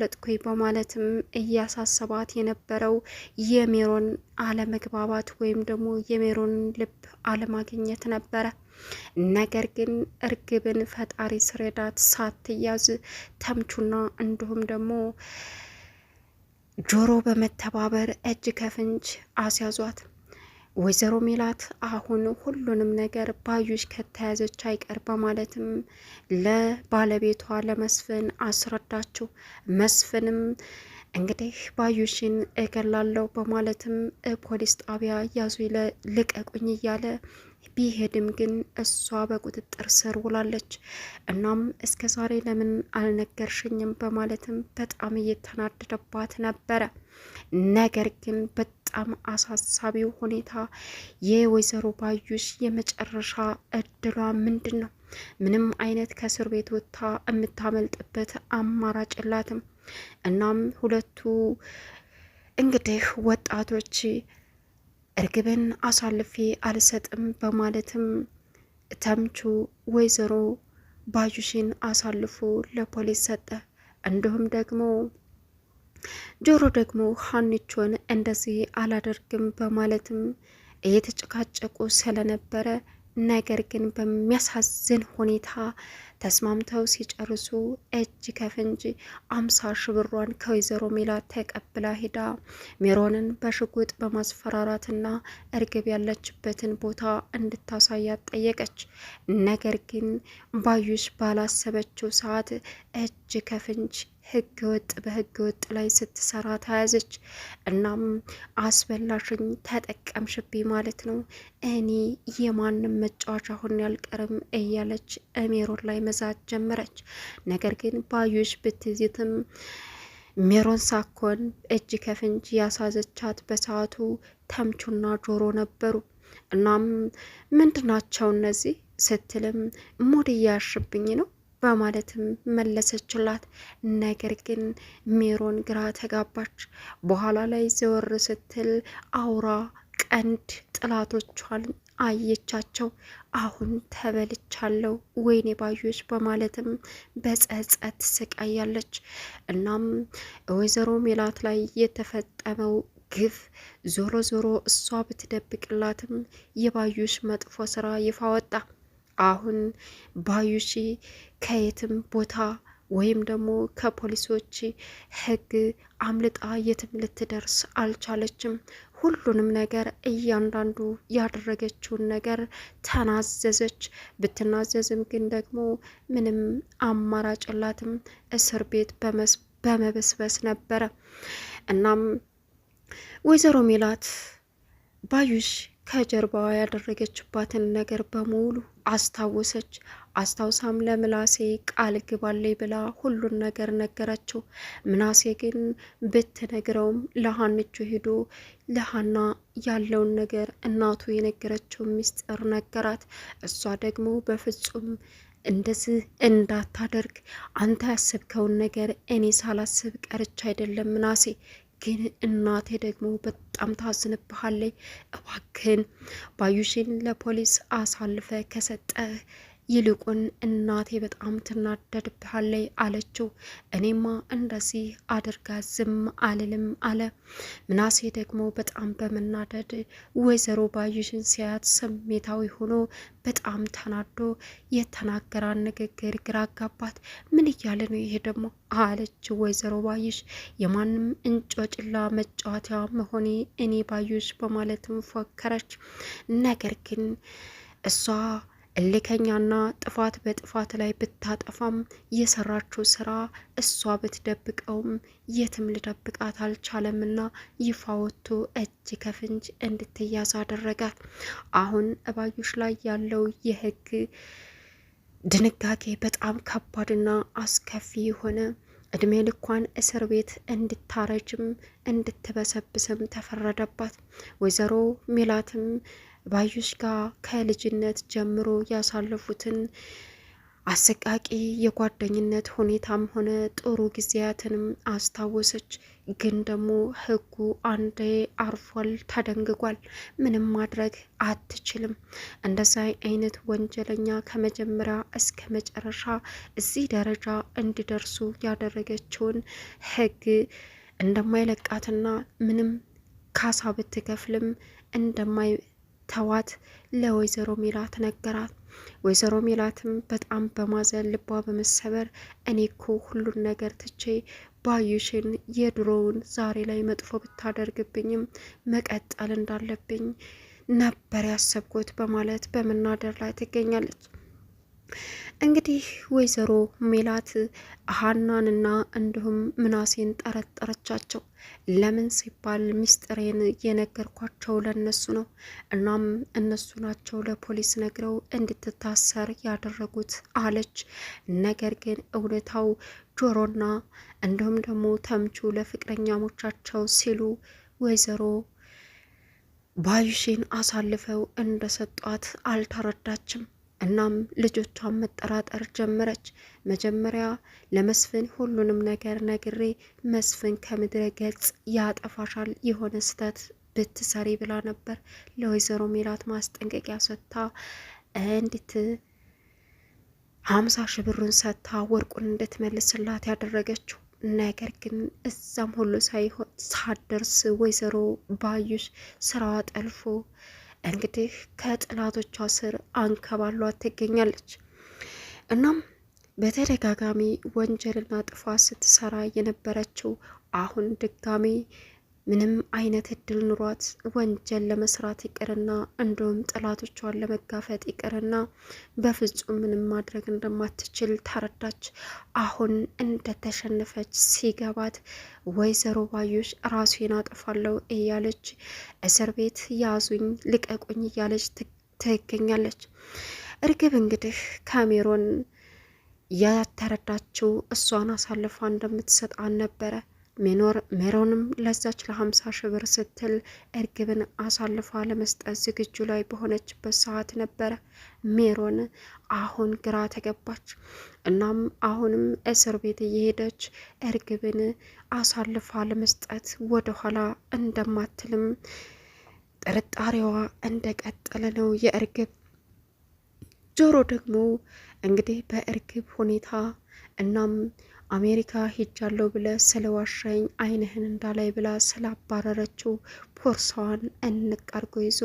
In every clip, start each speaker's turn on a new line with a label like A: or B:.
A: ለጥኩኝ በማለትም እያሳሰባት የነበረው የሜሮን አለመግባባት ወይም ደግሞ የሜሮን ልብ አለማግኘት ነበረ። ነገር ግን እርግብን ፈጣሪ ስረዳት ሳትያዝ ተምቹና እንዲሁም ደግሞ ጆሮ በመተባበር እጅ ከፍንጅ አስያዟት። ወይዘሮ ሜላት አሁን ሁሉንም ነገር ባዩሽ ከተያዘች አይቀር በማለትም ለባለቤቷ ለመስፍን አስረዳችው። መስፍንም እንግዲህ ባዩሽን እገላለሁ በማለትም ፖሊስ ጣቢያ ያዙ ልቀቁኝ እያለ ቢሄድም ግን እሷ በቁጥጥር ስር ውላለች። እናም እስከ ዛሬ ለምን አልነገርሽኝም በማለትም በጣም እየተናደደባት ነበረ። ነገር ግን በጣም አሳሳቢው ሁኔታ የወይዘሮ ባዩሽ የመጨረሻ እድሏ ምንድን ነው? ምንም አይነት ከእስር ቤት ወጥታ የምታመልጥበት አማራጭ የላትም። እናም ሁለቱ እንግዲህ ወጣቶች እርግብን አሳልፌ አልሰጥም በማለትም ተምቹ ወይዘሮ ባዩሽን አሳልፎ ለፖሊስ ሰጠ። እንዲሁም ደግሞ ጆሮ ደግሞ ሀኒቾን እንደዚህ አላደርግም በማለትም እየተጨቃጨቁ ስለነበረ ነገር ግን በሚያሳዝን ሁኔታ ተስማምተው ሲጨርሱ እጅ ከፍንጅ አምሳ ሺ ብሯን ከወይዘሮ ሜላት ተቀብላ ሄዳ ሜሮንን በሽጉጥ በማስፈራራትና እርግብ ያለችበትን ቦታ እንድታሳያት ጠየቀች። ነገር ግን ባዩሽ ባላሰበችው ሰዓት እጅ ከፍንጅ ህገወጥ በህገወጥ ላይ ስትሰራ ተያዘች። እናም አስበላሽኝ፣ ተጠቀምሽብኝ ማለት ነው እኔ የማንም መጫወቻ አሁን ያልቀርም እያለች ሜሮን ላይ መዛት ጀመረች። ነገር ግን ባዩሽ ብትይዝትም ሜሮን ሳኮን እጅ ከፍንጅ ያሳዘቻት በሰዓቱ ተምቹና ጆሮ ነበሩ። እናም ምንድናቸው እነዚህ ስትልም ሙድ እያያሽብኝ ነው በማለትም መለሰችላት። ነገር ግን ሜሮን ግራ ተጋባች። በኋላ ላይ ዘወር ስትል አውራ ቀንድ ጥላቶቿን አየቻቸው። አሁን ተበልቻለሁ ወይኔ ባዩሽ በማለትም በጸጸት ስቃያለች። እናም ወይዘሮ ሜላት ላይ የተፈጠመው ግፍ ዞሮ ዞሮ እሷ ብትደብቅላትም የባዩሽ መጥፎ ስራ ይፋ ወጣ። አሁን ባዩሺ ከየትም ቦታ ወይም ደግሞ ከፖሊሶች ህግ አምልጣ የትም ልትደርስ አልቻለችም። ሁሉንም ነገር እያንዳንዱ ያደረገችውን ነገር ተናዘዘች። ብትናዘዝም ግን ደግሞ ምንም አማራጭ የላትም። እስር ቤት በመበስበስ ነበረ። እናም ወይዘሮ ሜላት ባዩሽ ከጀርባዋ ያደረገችባትን ነገር በሙሉ አስታወሰች። አስታውሳም ለምናሴ ቃል ግባለይ ብላ ሁሉን ነገር ነገረችው። ምናሴ ግን ብትነግረውም ለሀንቹ ሄዶ ለሀና ያለውን ነገር እናቱ የነገረችው ምስጢር ነገራት። እሷ ደግሞ በፍጹም እንደዚህ እንዳታደርግ አንተ ያስብከውን ነገር እኔ ሳላስብ ቀርቻ አይደለም ምናሴ ግን እናቴ ደግሞ በጣም ታዝንብሃለች። እባክህን ባዩሽን ለፖሊስ አሳልፈ ከሰጠህ ይልቁን እናቴ በጣም ትናደድብሃለች አለችው። እኔማ እንደዚህ አድርጋ ዝም አልልም አለ። ምናሴ ደግሞ በጣም በመናደድ ወይዘሮ ባዩሽን ሲያት ስሜታዊ ሆኖ በጣም ተናዶ የተናገራ ንግግር ግራ አጋባት። ምን እያለ ነው ይሄ ደግሞ አለች ወይዘሮ ባዩሽ። የማንም እንጮጭላ መጫወቻ መሆኔ እኔ ባዩሽ በማለትም ፎከረች። ነገር ግን እሷ እልከኛና ጥፋት በጥፋት ላይ ብታጠፋም የሰራችው ስራ እሷ ብትደብቀውም የትም ልደብቃት አልቻለምና ይፋ ወጥቶ እጅ ከፍንጅ እንድትያዝ አደረጋት። አሁን እባዮች ላይ ያለው የህግ ድንጋጌ በጣም ከባድና አስከፊ የሆነ እድሜ ልኳን እስር ቤት እንድታረጅም እንድትበሰብስም ተፈረደባት። ወይዘሮ ሜላትም ባዩሽ ጋር ከልጅነት ጀምሮ ያሳለፉትን አሰቃቂ የጓደኝነት ሁኔታም ሆነ ጥሩ ጊዜያትንም አስታወሰች። ግን ደግሞ ህጉ አንዴ አርፏል፣ ተደንግጓል። ምንም ማድረግ አትችልም። እንደዛ አይነት ወንጀለኛ ከመጀመሪያ እስከ መጨረሻ እዚህ ደረጃ እንዲደርሱ ያደረገችውን ህግ እንደማይለቃትና ምንም ካሳ ብትከፍልም እንደማይ ተዋት ለወይዘሮ ሜላት ነገራት። ወይዘሮ ሜላትም በጣም በማዘን ልቧ በመሰበር እኔ ኮ ሁሉን ነገር ትቼ ባዩሽን የድሮውን ዛሬ ላይ መጥፎ ብታደርግብኝም መቀጠል እንዳለብኝ ነበር ያሰብኩት በማለት በመናደር ላይ ትገኛለች። እንግዲህ ወይዘሮ ሜላት ሀናንና እንዲሁም ምናሴን ጠረጠረቻቸው። ለምን ሲባል ሚስጥሬን የነገርኳቸው ለነሱ ነው። እናም እነሱ ናቸው ለፖሊስ ነግረው እንድትታሰር ያደረጉት አለች። ነገር ግን እውነታው ጆሮና እንዲሁም ደግሞ ተምቹ ለፍቅረኛሞቻቸው ሲሉ ወይዘሮ ባዩሽን አሳልፈው እንደሰጧት አልተረዳችም። እናም ልጆቿን መጠራጠር ጀመረች። መጀመሪያ ለመስፍን ሁሉንም ነገር ነግሬ መስፍን ከምድረ ገጽ ያጠፋሻል የሆነ ስህተት ብትሰሪ ብላ ነበር ለወይዘሮ ሜላት ማስጠንቀቂያ ሰጥታ እንድት ሀምሳ ሺህ ብሩን ሰጥታ ወርቁን እንድትመልስላት ያደረገችው ነገር ግን እዛም ሁሉ ሳይሆን ሳደርስ ወይዘሮ ባዩሽ ስራዋ ጠልፎ እንግዲህ ከጥላቶቿ ስር አንከባሏት ትገኛለች። እናም በተደጋጋሚ ወንጀልና ጥፋት ስትሰራ የነበረችው አሁን ድጋሜ ምንም አይነት እድል ኑሯት ወንጀል ለመስራት ይቅርና እንዲሁም ጠላቶቿን ለመጋፈጥ ይቅርና በፍጹም ምንም ማድረግ እንደማትችል ተረዳች። አሁን እንደተሸነፈች ሲገባት ወይዘሮ ባዩሽ ራሴን አጠፋለሁ እያለች እስር ቤት ያዙኝ ልቀቁኝ እያለች ትገኛለች። እርግብ እንግዲህ ካሜሮን ያተረዳችው እሷን አሳልፋ እንደምትሰጣን ነበረ። ሜኖር ሜሮንም ለዛች ለሀምሳ ሺህ ብር ስትል እርግብን አሳልፋ ለመስጠት ዝግጁ ላይ በሆነችበት ሰዓት ነበረ ሜሮን አሁን ግራ ተገባች። እናም አሁንም እስር ቤት እየሄደች እርግብን አሳልፋ ለመስጠት ወደኋላ እንደማትልም ጥርጣሬዋ እንደቀጠለ ነው የእርግብ ጆሮ ደግሞ እንግዲህ በእርግብ ሁኔታ እናም አሜሪካ ሄጃለሁ ብለ ስለዋሻኝ አይንህን እንዳላይ ብላ ስላባረረችው ቦርሳዋን እንቅ አድርጎ ይዞ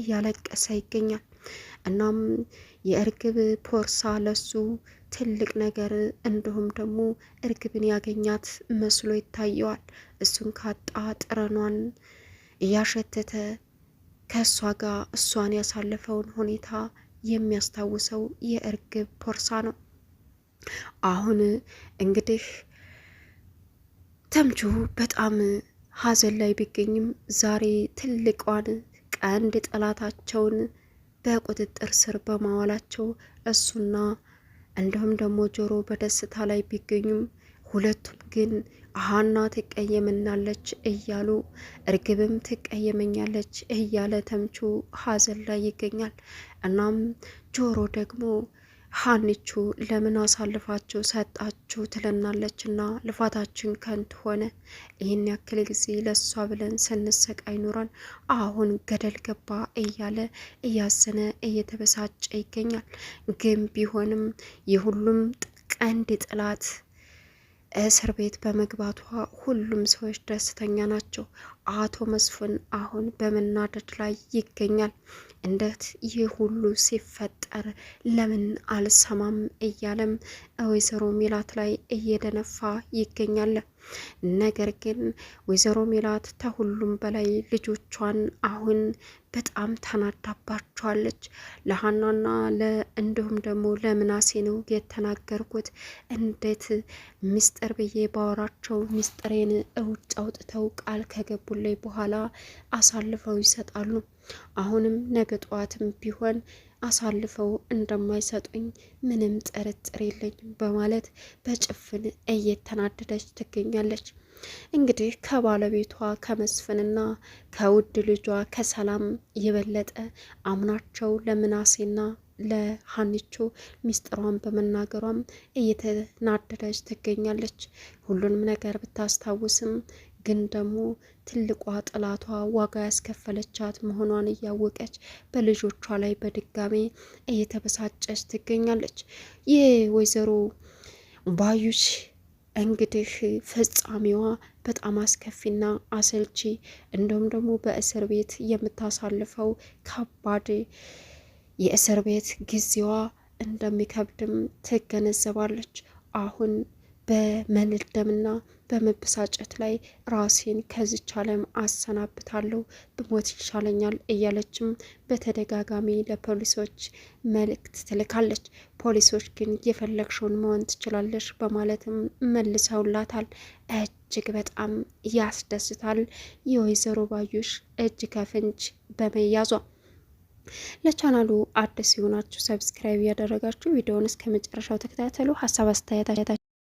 A: እያለቀሰ ይገኛል። እናም የእርግብ ቦርሳ ለሱ ትልቅ ነገር እንዲሁም ደግሞ እርግብን ያገኛት መስሎ ይታየዋል። እሱን ካጣ ጥረኗን እያሸተተ ከእሷ ጋር እሷን ያሳለፈውን ሁኔታ የሚያስታውሰው የእርግብ ቦርሳ ነው። አሁን እንግዲህ ተምቹ በጣም ሀዘን ላይ ቢገኝም ዛሬ ትልቋን ቀንድ ጠላታቸውን በቁጥጥር ስር በማዋላቸው እሱና እንዲሁም ደግሞ ጆሮ በደስታ ላይ ቢገኙም ሁለቱም ግን አሀና ትቀየመናለች እያሉ እርግብም ትቀየመኛለች እያለ ተምቹ ሀዘን ላይ ይገኛል። እናም ጆሮ ደግሞ ሀኒቹ ለምን አሳልፋችሁ ሰጣችሁ ትለናለች እና ልፋታችን ከንቱ ሆነ። ይህን ያክል ጊዜ ለእሷ ብለን ስንሰቃይ ኑረን አሁን ገደል ገባ እያለ እያዘነ እየተበሳጨ ይገኛል። ግን ቢሆንም የሁሉም ቀንድ ጥላት እስር ቤት በመግባቷ ሁሉም ሰዎች ደስተኛ ናቸው። አቶ መስፍን አሁን በመናደድ ላይ ይገኛል። እንዴት ይህ ሁሉ ሲፈጠር ለምን አልሰማም እያለም ወይዘሮ ሜላት ላይ እየደነፋ ይገኛል። ነገር ግን ወይዘሮ ሜላት ከሁሉም በላይ ልጆቿን አሁን በጣም ተናዳባቸዋለች። ለሀናና እንዲሁም ደግሞ ለምናሴ ነው የተናገርኩት። እንዴት ሚስጥር ብዬ ባወራቸው ሚስጥሬን እውጭ አውጥተው ቃል ከገቡ ላይ በኋላ አሳልፈው ይሰጣሉ። አሁንም ነገ ጠዋትም ቢሆን አሳልፈው እንደማይሰጡኝ ምንም ጥርጥር የለኝም በማለት በጭፍን እየተናደደች ትገኛለች። እንግዲህ ከባለቤቷ ከመስፍንና ከውድ ልጇ ከሰላም የበለጠ አምናቸው ለምናሴና ለሀኒቾ ሚስጥሯን በመናገሯም እየተናደደች ትገኛለች። ሁሉንም ነገር ብታስታውስም ግን ደግሞ ትልቋ ጥላቷ ዋጋ ያስከፈለቻት መሆኗን እያወቀች በልጆቿ ላይ በድጋሜ እየተበሳጨች ትገኛለች። ይህ ወይዘሮ ባዩሽ እንግዲህ ፍጻሜዋ በጣም አስከፊና አሰልቺ እንዲሁም ደግሞ በእስር ቤት የምታሳልፈው ከባድ የእስር ቤት ጊዜዋ እንደሚከብድም ትገነዘባለች አሁን በመንደምና በመበሳጨት ላይ ራሴን ከዚች ዓለም አሰናብታለሁ ብሞት ይሻለኛል እያለችም በተደጋጋሚ ለፖሊሶች መልእክት ትልካለች። ፖሊሶች ግን የፈለግሽውን መሆን ትችላለሽ በማለትም መልሰውላታል። እጅግ በጣም ያስደስታል የወይዘሮ ባዩሽ እጅ ከፍንጅ በመያዟ። ለቻናሉ አዲስ የሆናችሁ ሰብስክራይብ ያደረጋችሁ ቪዲዮውን እስከ መጨረሻው ተከታተሉ። ሀሳብ አስተያየታ